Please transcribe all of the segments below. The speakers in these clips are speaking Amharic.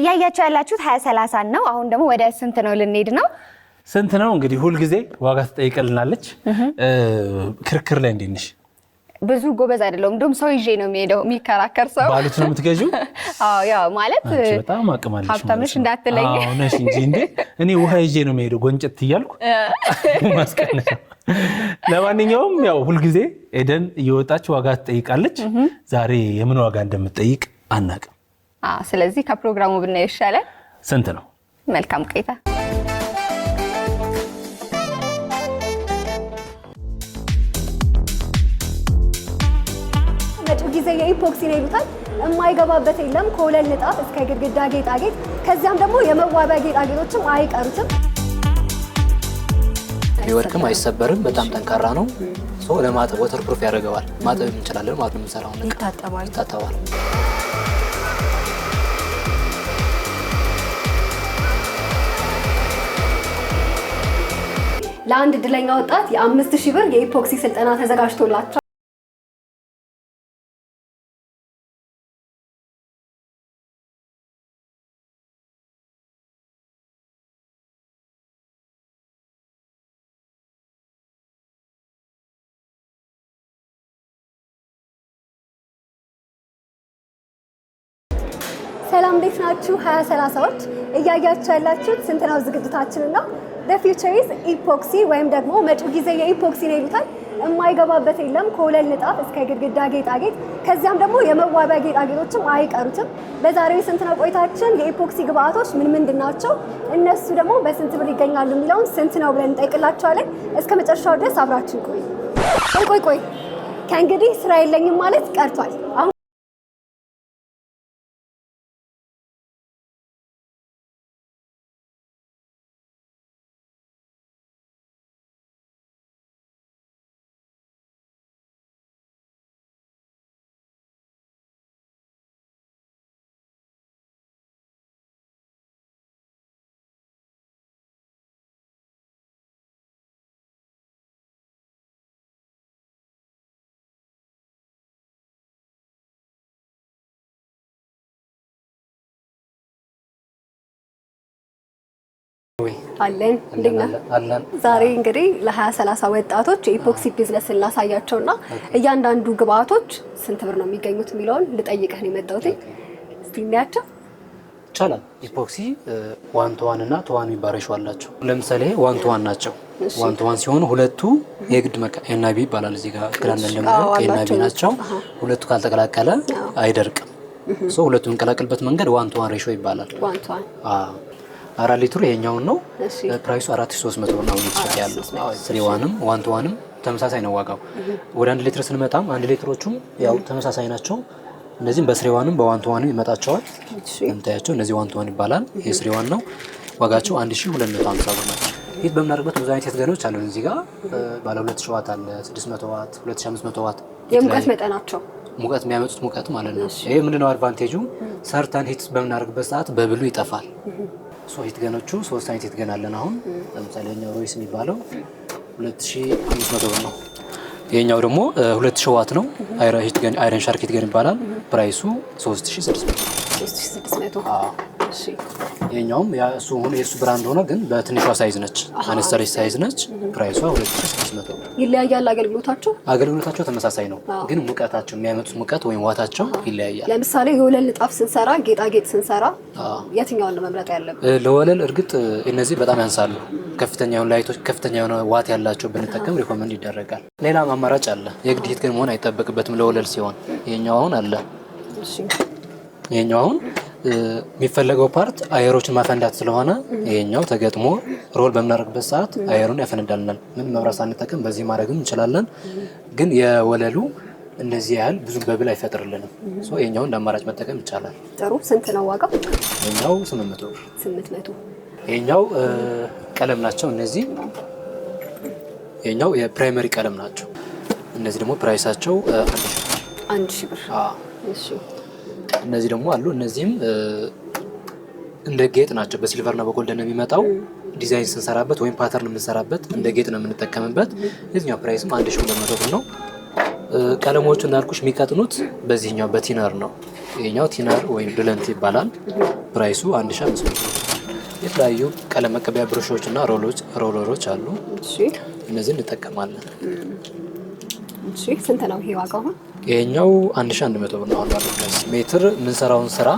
እያያቸው ያላችሁት ሀያ ሰላሳን ነው። አሁን ደግሞ ወደ ስንት ነው ልንሄድ ነው? ስንት ነው እንግዲህ ሁልጊዜ ዋጋ ትጠይቅልናለች። ክርክር ላይ እንዴት ነሽ? ብዙ ጎበዝ አይደለሁም። እንደውም ሰው ይዤ ነው የሚሄደው። የሚከራከር ሰው ባሉት ነው የምትገዢው። ያው ማለት በጣም አቅማለች ሀብታምሽ እንዳትለኝ ነሽ እንጂ እንዴ እኔ ውሃ ይዤ ነው የሚሄደው ጎንጨት እያልኩ ማስቀነሻ። ለማንኛውም ያው ሁልጊዜ ኤደን እየወጣች ዋጋ ትጠይቃለች። ዛሬ የምን ዋጋ እንደምትጠይቅ አናቅም። ስለዚህ ከፕሮግራሙ ብናየው ይሻላል። ስንት ነው? መልካም ቆይታ። መጪው ጊዜ የኢፖክሲ ነው ይሉታል። የማይገባበት የለም። ከወለል ንጣፍ እስከ ግድግዳ ጌጣጌጥ፣ ከዚያም ደግሞ የመዋቢያ ጌጣጌጦችም አይቀሩትም። ቢወድቅም አይሰበርም። በጣም ጠንካራ ነው። ለማጠብ ወተር ፕሩፍ ያደርገዋል። ማጠብ እንችላለን ማለት ነው። የምንሰራውን ይታጠባል። ለአንድ እድለኛ ወጣት የአምስት ሺህ ብር የኢፖክሲ ስልጠና ተዘጋጅቶላቸዋል። ሰላም እንዴት ናችሁ? ሀያ ሰላሳዎች እያያችሁ ያላችሁት ስንት ነው ዝግጅታችንን ነው። ፊውቸሪዝ ኢፖክሲ ወይም ደግሞ መጪው ጊዜ የኢፖክሲ ነው ይሉታል። የማይገባበት የለም። ከወለል ንጣፍ እስከ ግድግዳ ጌጣጌጥ ከዚያም ደግሞ የመዋቢያ ጌጣጌጦችም አይቀሩትም። በዛሬው የስንትነው ቆይታችን የኢፖክሲ ግብአቶች ምን ምንድን ናቸው፣ እነሱ ደግሞ በስንት ብር ይገኛሉ የሚለውን ስንት ነው ብለን እንጠይቅላቸዋለን። እስከ መጨረሻው ድረስ አብራችን ቆይ ቆይ ቆይ። ከእንግዲህ ስራ የለኝም ማለት ቀርቷል። አለን አለን። ዛሬ እንግዲህ ለሀያ ሰላሳ ወጣቶች የኢፖክሲ ቢዝነስ እናሳያቸው እና እያንዳንዱ ግብአቶች ስንት ብር ነው የሚገኙት የሚለውን ልጠይቅህ ነው የመጣሁት። እስቲ እናያቸው ይቻላል። ኢፖክሲ ዋን ቱ ዋን እና ቱ ዋን የሚባል አላቸው። ለምሳሌ ዋን ቱ ዋን ናቸው። ዋን ቱ ዋን ሲሆኑ ሁለቱ የግድ ኤናቢ ይባላል እዚህ ጋር ክላን ኤናቢ ናቸው። ሁለቱ ካልተቀላቀለ አይደርቅም። ሁለቱ የምንቀላቅልበት መንገድ ዋን ቱ ዋን ሬሾ ይባላል። አራት ሊትሩ ይሄኛውን ነው። ፕራይሱ አራት ሺህ ሶስት መቶ ብር ነው እየተሸጠ ያለው። ስሪ ዋንም ዋን ቱ ዋንም ተመሳሳይ ነው ዋጋው። ወደ አንድ ሊትር ስንመጣም አንድ ሊትሮቹም ያው ተመሳሳይ ናቸው። እነዚህም በስሪ ዋንም በዋን ቱ ዋንም ይመጣቸዋል። እንታያቸው እነዚህ ዋን ቱ ዋን ይባላል። ይሄ ስሪ ዋን ነው። ዋጋቸው አንድ ሁለት መቶ ሀምሳ ብር ናቸው። ይህ በምናደርግበት ብዙ አይነት የተገኖች አሉ። እዚህ ጋር ባለ ሁለት ዋት አለ፣ ስድስት መቶ ዋት፣ ሁለት አምስት መቶ ዋት የሙቀት መጠናቸው ሙቀት የሚያመጡት ሙቀት ማለት ነው። ይሄ ምንድነው አድቫንቴጁ? ሰርተን ሂት በምናደርግበት ሰዓት በብሉ ይጠፋል። ሶስት ገኖቹ ሶስት አይነት የትገን አለን። አሁን ለምሳሌ የኛው ሮይስ የሚባለው 2500 ብር ነው። የኛው ደግሞ 2000 ዋት ነው። አይረን ሻርክ የትገን ይባላል። ፕራይሱ 3600 ነው። ይሄኛውም የሱ ብራንድ ሆነ ግን በትንሿ ሳይዝ ነች፣ አነስተሪ ሳይዝ ነች። ፕራይሷ ሁለት ስድስት መቶ ይለያያል። አገልግሎታቸው አገልግሎታቸው ተመሳሳይ ነው፣ ግን ሙቀታቸው የሚያመጡት ሙቀት ወይም ዋታቸው ይለያያል። ለምሳሌ የወለል ንጣፍ ስንሰራ፣ ጌጣጌጥ ስንሰራ የትኛውን ነው መምረጥ ያለብን? ለወለል እርግጥ እነዚህ በጣም ያንሳሉ። ከፍተኛ የሆነ ላይቶች፣ ከፍተኛ የሆነ ዋት ያላቸው ብንጠቀም ሪኮመንድ ይደረጋል። ሌላም አማራጭ አለ። የግድ ሂት ግን መሆን አይጠበቅበትም ለወለል ሲሆን፣ ይሄኛው አሁን አለ። ይሄኛው አሁን የሚፈለገው ፓርት አየሮችን ማፈንዳት ስለሆነ ይሄኛው ተገጥሞ ሮል በምናደርግበት ሰዓት አየሩን ያፈነዳልናል። ምን መብራት ሳንጠቀም በዚህ ማድረግም እንችላለን። ግን የወለሉ እንደዚህ ያህል ብዙ በብል አይፈጥርልንም። ይሄኛው እንደ አማራጭ መጠቀም ይቻላል። ጥሩ። ስንት ነው ዋጋው? ይሄኛው ስምንት መቶ ብር። ይሄኛው ቀለም ናቸው እነዚህ። ይሄኛው የፕራይመሪ ቀለም ናቸው እነዚህ ደግሞ ፕራይሳቸው አንድ ሺህ ብር። አንድ ሺህ ብር። እሺ እነዚህ ደግሞ አሉ። እነዚህም እንደ ጌጥ ናቸው። በሲልቨር እና በጎልደን ነው የሚመጣው። ዲዛይን ስንሰራበት ወይም ፓተርን የምንሰራበት እንደ ጌጥ ነው የምንጠቀምበት። የዚኛው ፕራይስም አንድ ሺ ሁለት መቶ ብር ነው። ቀለሞቹ እንዳልኩሽ የሚቀጥኑት በዚህኛው በቲነር ነው። ይኛው ቲነር ወይም ዱለንት ይባላል። ፕራይሱ አንድ ሺ አምስት መቶ የተለያዩ ቀለም መቀቢያ ብሩሾች እና ሮለሮች አሉ። እነዚህ እንጠቀማለን። እሺ ስንት ነው ይሄ ዋጋው? ይሄኛው 1100 ብር ነው። አሁን ሜትር የምንሰራውን ስራ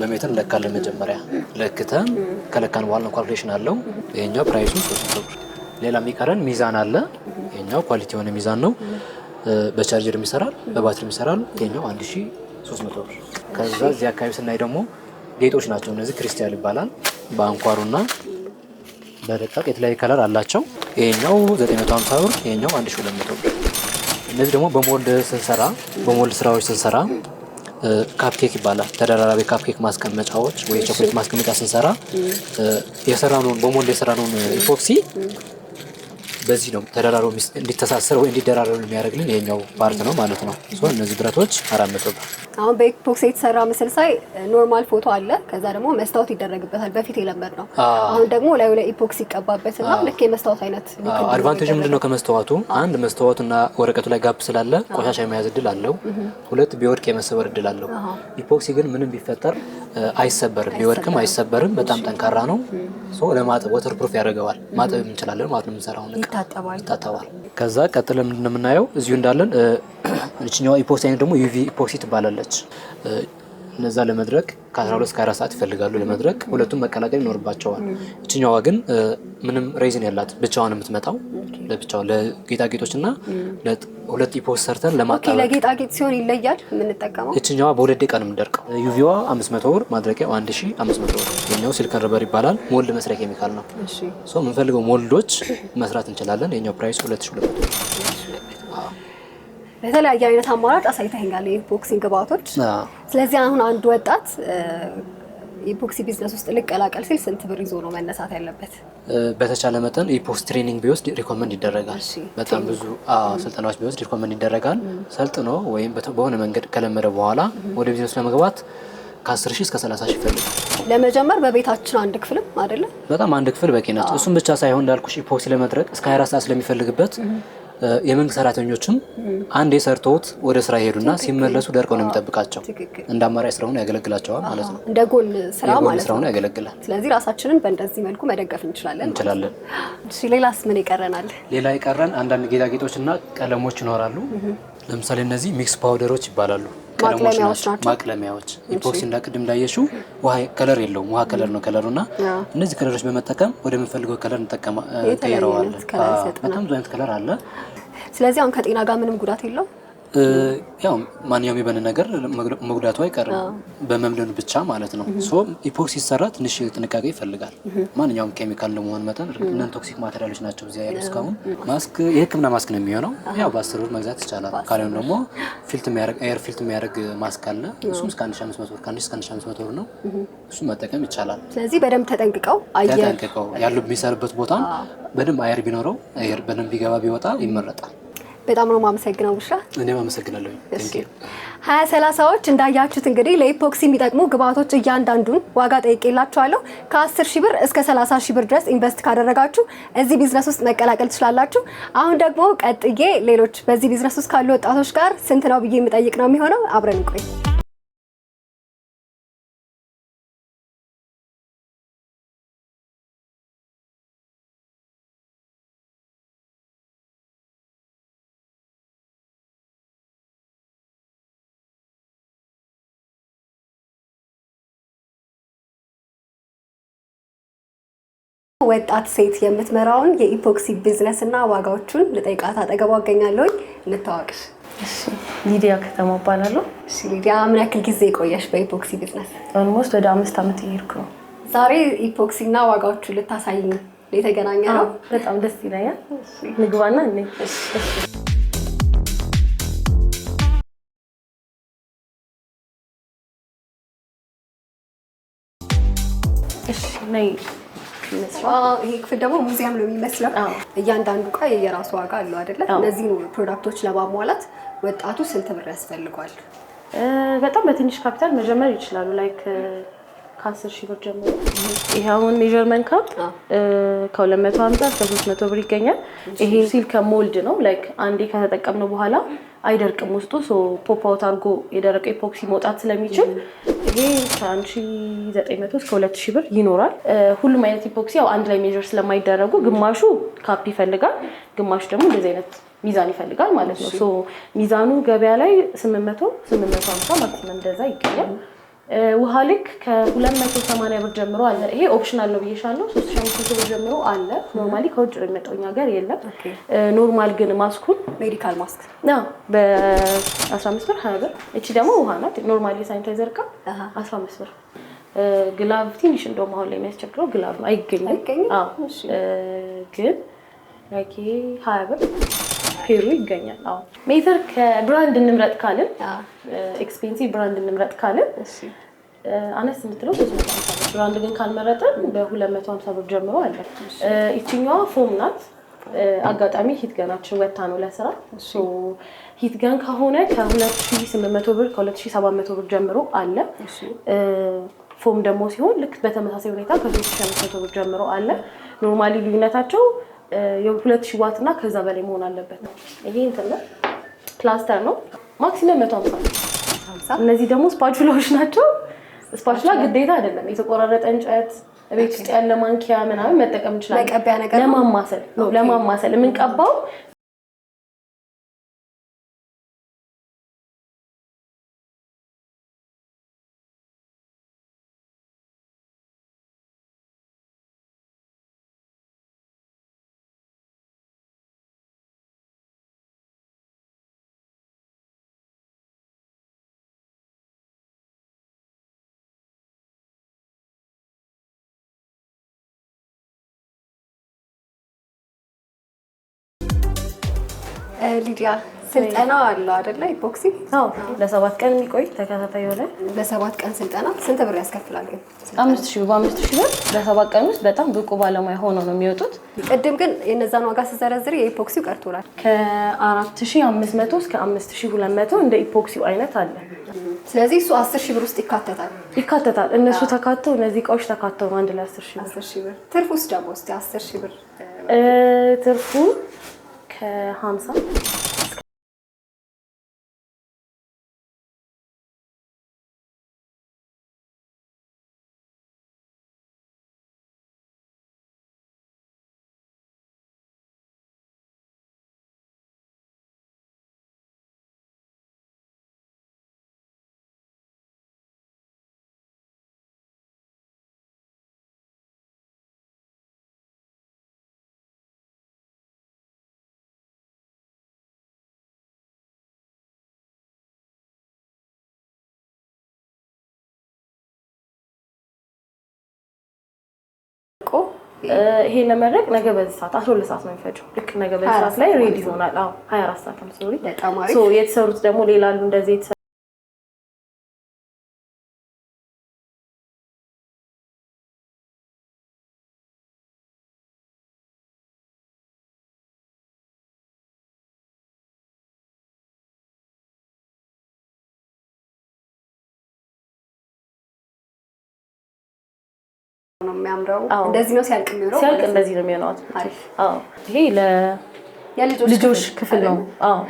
በሜትር እንለካለን። መጀመሪያ ለክተን ከለካን በኋላ ነው ካልኩሌሽን አለው። ይሄኛው ፕራይሱ 300 ብር። ሌላ የሚቀረን ሚዛን አለ። ይሄኛው ኳሊቲ የሆነ ሚዛን ነው። በቻርጀር የሚሰራል፣ በባትሪ የሚሰራል። ይሄኛው 1300 ብር። ከዛ እዚህ አካባቢ ስናይ ደግሞ ጌጦች ናቸው እነዚህ። ክሪስታል ይባላል በአንኳሩና በደቃቅ የተለያየ ከለር አላቸው። ይሄኛው 950 ብር፣ ይሄኛው 1200 ብር። እነዚህ ደግሞ በሞልድ ስንሰራ በሞልድ ስራዎች ስንሰራ ካፕኬክ ይባላል። ተደራራቢ ካፕኬክ ማስቀመጫዎች ወይ ቸኮሌት ማስቀመጫ ስንሰራ የሰራነውን በሞልድ የሰራነውን ኢፖክሲ በዚህ ነው ተደራሮ እንዲተሳሰር ወይ እንዲደራረብ የሚያደርግልን ይሄኛው ፓርት ነው ማለት ነው። እነዚህ ብረቶች አራት መቶ ብር። አሁን በኤክስቦክስ የተሰራ ምስል ሳይ ኖርማል ፎቶ አለ፣ ከዛ ደግሞ መስታወት ይደረግበታል። በፊት የለመድ ነው። አሁን ደግሞ ላዩ ላይ ኢፖክስ ይቀባበት እና ልክ የመስታወት አይነት። አድቫንቴጅ ምንድን ነው ከመስታወቱ? አንድ መስታወቱና ወረቀቱ ላይ ጋብ ስላለ ቆሻሻ የመያዝ እድል አለው። ሁለት ቢወድቅ የመሰበር እድል አለው። ኢፖክሲ ግን ምንም ቢፈጠር አይሰበርም፣ ቢወድቅም አይሰበርም። በጣም ጠንካራ ነው። ለማጠብ ወተር ፕሩፍ ያደርገዋል። ማጠብ እንችላለን ማለት ነው። የምንሰራው ይታጠባል። ከዛ ቀጥለን እንደምናየው እዚሁ እንዳለን እችኛዋ ኢፖክሲ አይነት ደግሞ ዩቪ ኢፖክሲ ትባላለች። እነዛ ለመድረክ ከ12 እስከ 4 ሰዓት ይፈልጋሉ ለመድረክ። ሁለቱም መቀላቀል ይኖርባቸዋል። እችኛዋ ግን ምንም ሬዝን ያላት ብቻዋን የምትመጣው ለብቻዋ ለጌጣጌጦች እና ሁለት ኢፖስ ሰርተን ለማጣ ለጌጣጌጥ ሲሆን ይለያል የምንጠቀመው። እችኛዋ በሁለት ደቂቃ ነው የምንደርቀው። ዩቪዋ 500 ብር፣ ማድረቂያው 1500 ብር። የኛው ሲልከን ረበር ይባላል። ሞልድ መስሪያ ኬሚካል ነው። የምንፈልገው ሞልዶች መስራት እንችላለን። የኛው ፕራይስ 2200 ብር። በተለያየ አይነት አማራጭ አሳይተኸኛል የቦክሲንግ ግብአቶች። ስለዚህ አሁን አንድ ወጣት የቦክሲ ቢዝነስ ውስጥ ልቀላቀል ሲል ስንት ብር ይዞ ነው መነሳት ያለበት? በተቻለ መጠን የፖስት ትሬኒንግ ቢወስድ ሪኮመንድ ይደረጋል። በጣም ብዙ ስልጠናዎች ቢወስድ ሪኮመንድ ይደረጋል። ሰልጥኖ ወይም በሆነ መንገድ ከለመደ በኋላ ወደ ቢዝነሱ ለመግባት ከ10 ሺህ እስከ 30 ሺህ ይፈልጋል። ለመጀመር በቤታችን አንድ ክፍልም አይደለም በጣም አንድ ክፍል በቂ ናት። እሱም ብቻ ሳይሆን እንዳልኩሽ ኢፖክሲ ለመድረቅ እስከ 24 ሰዓት ስለሚፈልግበት የመንግስት ሰራተኞችም አንዴ ሰርተውት ወደ ስራ ይሄዱና ሲመለሱ ደርቀው ነው የሚጠብቃቸው። እንደ አማራጭ ስራውን ያገለግላቸዋል ማለት ነው። እንደ ጎን ስራ ማለት ነው ያገለግላል። ስለዚህ ራሳችንን በእንደዚህ መልኩ መደገፍ እንችላለን እንችላለን። እሺ፣ ሌላስ ምን ይቀረናል? ሌላ ይቀረን አንዳንድ ጌጣጌጦችና ቀለሞች ይኖራሉ። ለምሳሌ እነዚህ ሚክስ ፓውደሮች ይባላሉ። ማቅለሚያዎች ኢፖክሲ። እንዳ ቅድም እንዳየሽው ውሃ ከለር የለውም፣ ውሃ ከለር ነው ከለሩ እና እነዚህ ከለሮች በመጠቀም ወደምንፈልገው ከለር እንጠቀማ ቀይረዋለን። በጣም ብዙ አይነት ከለር አለ። ስለዚህ አሁን ከጤና ጋር ምንም ጉዳት የለው ያው ማንኛውም የበንን ነገር መጉዳቱ አይቀርም፣ በመምደኑ ብቻ ማለት ነው። ኢፖክሲ ሲሰራ ትንሽ ጥንቃቄ ይፈልጋል። ማንኛውም ኬሚካል ለመሆን መጠን እነን ቶክሲክ ማቴሪያሎች ናቸው እዚያ ያሉ። እስካሁን ማስክ የህክምና ማስክ ነው የሚሆነው። ያው በአስር ብር መግዛት ይቻላል። ካልሆነ ደግሞ ፊልት የሚያደርግ ኤር ፊልት የሚያደርግ ማስክ አለ። እሱም እስከ አንድ ሺህ አምስት መቶ ብር ከአንድ እስከ አንድ ሺህ አምስት መቶ ብር ነው። እሱም መጠቀም ይቻላል። ስለዚህ በደንብ ተጠንቅቀው ተጠንቅቀው ያሉ የሚሰሩበት ቦታ በደንብ አየር ቢኖረው አየር በደንብ ቢገባ ቢወጣ ይመረጣል። በጣም ነው ማመሰግነው ውሻ። እኔም አመሰግናለሁ። ሀያ ሰላሳዎች እንዳያችሁት እንግዲህ ለኢፖክሲ የሚጠቅሙ ግብአቶች እያንዳንዱን ዋጋ ጠይቄላችኋለሁ። ከ10 ሺ ብር እስከ 30 ብር ድረስ ኢንቨስት ካደረጋችሁ እዚህ ቢዝነስ ውስጥ መቀላቀል ትችላላችሁ። አሁን ደግሞ ቀጥዬ ሌሎች በዚህ ቢዝነስ ውስጥ ካሉ ወጣቶች ጋር ስንት ነው ብዬ የሚጠይቅ ነው የሚሆነው። አብረን እንቆይ። ወጣት ሴት የምትመራውን የኢፖክሲ ቢዝነስ እና ዋጋዎቹን ልጠይቃት አጠገቧ አገኛለሁኝ። እንታዋቅሽ። ሊዲያ ከተማ እባላለሁ። ሊዲያ፣ ምን ያክል ጊዜ ቆየሽ በኢፖክሲ ቢዝነስ? ኦልሞስት ወደ አምስት ዓመት እየሄድኩ ነው። ዛሬ ኢፖክሲ እና ዋጋዎቹን ልታሳይ ነው የተገናኘ ነው። በጣም ደስ ይለኛል። ንግባና እኔ እሺ ነይ የሚመስለው። ይሄ ክፍል ደግሞ ሙዚየም ነው የሚመስለው። እያንዳንዱ እቃ የየራሱ ዋጋ አለው አይደለ? እነዚህ ፕሮዳክቶች ለማሟላት ወጣቱ ስንት ብር ያስፈልጓል? በጣም በትንሽ ካፒታል መጀመር ይችላሉ። ላይክ ከአስር ሺህ ብር ጀምሮ ይሄ አሁን ሜዠርመንት ካፕ ከሁለት መቶ ሀምሳ እስከ ሶስት መቶ ብር ይገኛል። ይሄ ሲል ከሞልድ ነው ላይክ አንዴ ከተጠቀምነው በኋላ አይደርቅም ውስጡ ፖፓውት አድርጎ የደረቀ ኢፖክሲ መውጣት ስለሚችል ይሄ ከአንድ ሺህ ዘጠኝ መቶ እስከ ሁለት ብር ይኖራል። ሁሉም አይነት ኢፖክሲ ያው አንድ ላይ ሜዥር ስለማይደረጉ ግማሹ ካፕ ይፈልጋል፣ ግማሹ ደግሞ እንደዚህ አይነት ሚዛን ይፈልጋል ማለት ነው። ሚዛኑ ገበያ ላይ ስምንት መቶ ስምንት መቶ ሀምሳ ማክሲመም እንደዛ ይገኛል። ውሃ ልክ ከ280 ብር ጀምሮ አለ። ይሄ ኦፕሽናል ነው ብዬሻለሁ። 3500 ብር ጀምሮ አለ። ኖርማሊ ከውጭ ነው የሚመጣው፣ እኛ ሀገር የለም። ኖርማል ግን ማስኩን ሜዲካል ማስክ በ15 ብር 20 ብር። እቺ ደግሞ ውሃ ናት። ኖርማሊ ሳኒታይዘር እቃ 15 ብር። ግላቭ ትንሽ እንደውም አሁን ላይ የሚያስቸግረው ግላቭ አይገኝም፣ ግን ሀያ ብር ፌሩ ይገኛል። አዎ ሜትር ከብራንድ እንምረጥ ካልን ኤክስፔንሲቭ ብራንድ እንምረጥ ካልን አነስ የምትለው ሶስት ብራንድ ግን ካልመረጠን በ መቶ ብር ጀምሮ አለ። ይችኛዋ ፎም ናት። አጋጣሚ ሂት ገናችን ወታ ነው ለስራ ሂት ገን ከሆነ ከ2800 ብር ከ2700 ብር ጀምሮ አለ። ፎም ደግሞ ሲሆን ልክ በተመሳሳይ ሁኔታ ከ3500 ብር ጀምሮ አለ። ኖርማሊ ልዩነታቸው የሁለት ሺህ ዋት እና ከዛ በላይ መሆን አለበት። ይሄ እንትን ነው ፕላስተር ነው ማክሲመም መቶ ሀምሳ እነዚህ ደግሞ ስፓቹላዎች ናቸው። ስፓቹላ ግዴታ አይደለም የተቆራረጠ እንጨት ቤት ውስጥ ያለ ማንኪያ ምናምን መጠቀም እንችላለን። ለማማሰል ለማማሰል የምንቀባው ሊዲያ ስልጠና አለው አይደለ? ቦክሲንግ አዎ፣ ለሰባት ቀን የሚቆይ ተከታታይ የሆነ ለሰባት ቀን ስልጠና ስንት ብር ያስከፍላል? ግን አምስት ሺህ በአምስት ሺህ ብር ለሰባት ቀን ውስጥ በጣም ብቁ ባለሙያ ሆኖ ነው የሚወጡት። ቅድም ግን የነዛን ዋጋ ስዘረዝር የኢፖክሲው ቀርቶላል። ከአራት ሺህ አምስት መቶ እስከ አምስት ሺህ ሁለት መቶ እንደ ኢፖክሲው አይነት አለ። ስለዚህ እሱ አስር ሺህ ብር ውስጥ ይካተታል ይካተታል። እነሱ ተካተው እነዚህ እቃዎች ተካተው ነው አንድ ላይ አስር ሺህ ብር። ትርፉ ውስጥ ደግሞ ውስጥ አስር ሺህ ብር ትርፉ ከሀምሳ ይሄ ለመድረቅ ነገ በዚህ ሰዓት 12 ሰዓት ነው የሚፈጀው። ልክ ነገ በዚህ ሰዓት ላይ ሬዲ ይሆናል። አዎ ሀያ ሰዓት ነው የተሰሩት ደግሞ ሌላ አሉ እንደዚህ የሚያምረው እንደዚህ ነው ሲያልቅ የሚሆነው ሲያልቅ እንደዚህ ነው የሚሆነው። ይሄ ለልጆች ክፍል ነው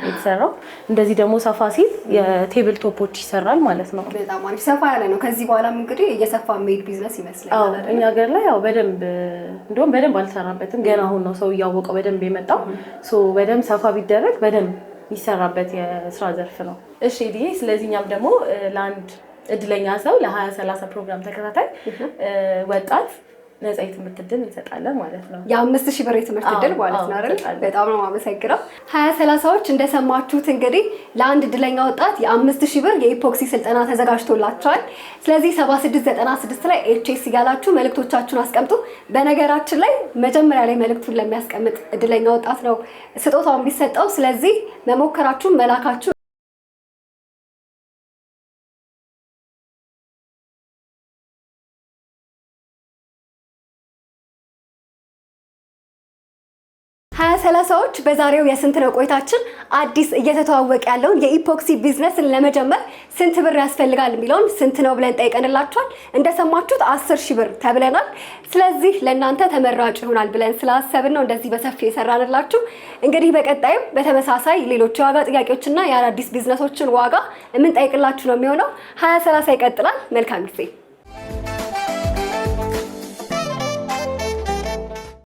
የተሰራው። እንደዚህ ደግሞ ሰፋ ሲል የቴብል ቶፖች ይሰራል ማለት ነው። በጣም አሪፍ ሰፋ ያለ ነው። ከዚህ በኋላም እንግዲህ እየሰፋ መሄድ ቢዝነስ ይመስላል። እኛ ሀገር ላይ ያው በደንብ እንዲሁም በደንብ አልሰራበትም ገና አሁን ነው ሰው እያወቀው በደንብ የመጣው። በደንብ ሰፋ ቢደረግ በደንብ የሚሰራበት የስራ ዘርፍ ነው። እሺ ዲ ስለዚህ እኛም ደግሞ ለአንድ እድለኛ ሰው ለ20 ፕሮግራም ተከታታይ ወጣት ነፃ የትምህርት ዕድል እንሰጣለን ማለት ነው። የአምስት ሺህ ብር የትምህርት ድል ማለት ነው አይደል? በጣም ነው የማመሰግነው። ሀያ ሰላሳዎች እንደሰማችሁት እንግዲህ ለአንድ እድለኛ ወጣት የአምስት ሺህ ብር የኢፖክሲ ስልጠና ተዘጋጅቶላቸዋል። ስለዚህ ስድስት ላይ ኤችኤስ እያላችሁ መልእክቶቻችሁን አስቀምጡ። በነገራችን ላይ መጀመሪያ ላይ መልእክቱን ለሚያስቀምጥ እድለኛ ወጣት ነው ስጦታው ቢሰጠው። ስለዚህ መሞከራችሁን መላካችሁ ሰላሳዎች በዛሬው የስንት ነው ቆይታችን አዲስ እየተተዋወቀ ያለውን የኢፖክሲ ቢዝነስን ለመጀመር ስንት ብር ያስፈልጋል የሚለውን ስንት ነው ብለን ጠይቀንላችኋል። እንደሰማችሁት አስር ሺህ ብር ተብለናል። ስለዚህ ለእናንተ ተመራጭ ይሆናል ብለን ስላሰብን ነው እንደዚህ በሰፊ የሰራንላችሁ። እንግዲህ በቀጣይም በተመሳሳይ ሌሎች የዋጋ ጥያቄዎችና የአዳዲስ ቢዝነሶችን ዋጋ የምንጠይቅላችሁ ነው የሚሆነው። ሀያ ሰላሳ ይቀጥላል። መልካም ጊዜ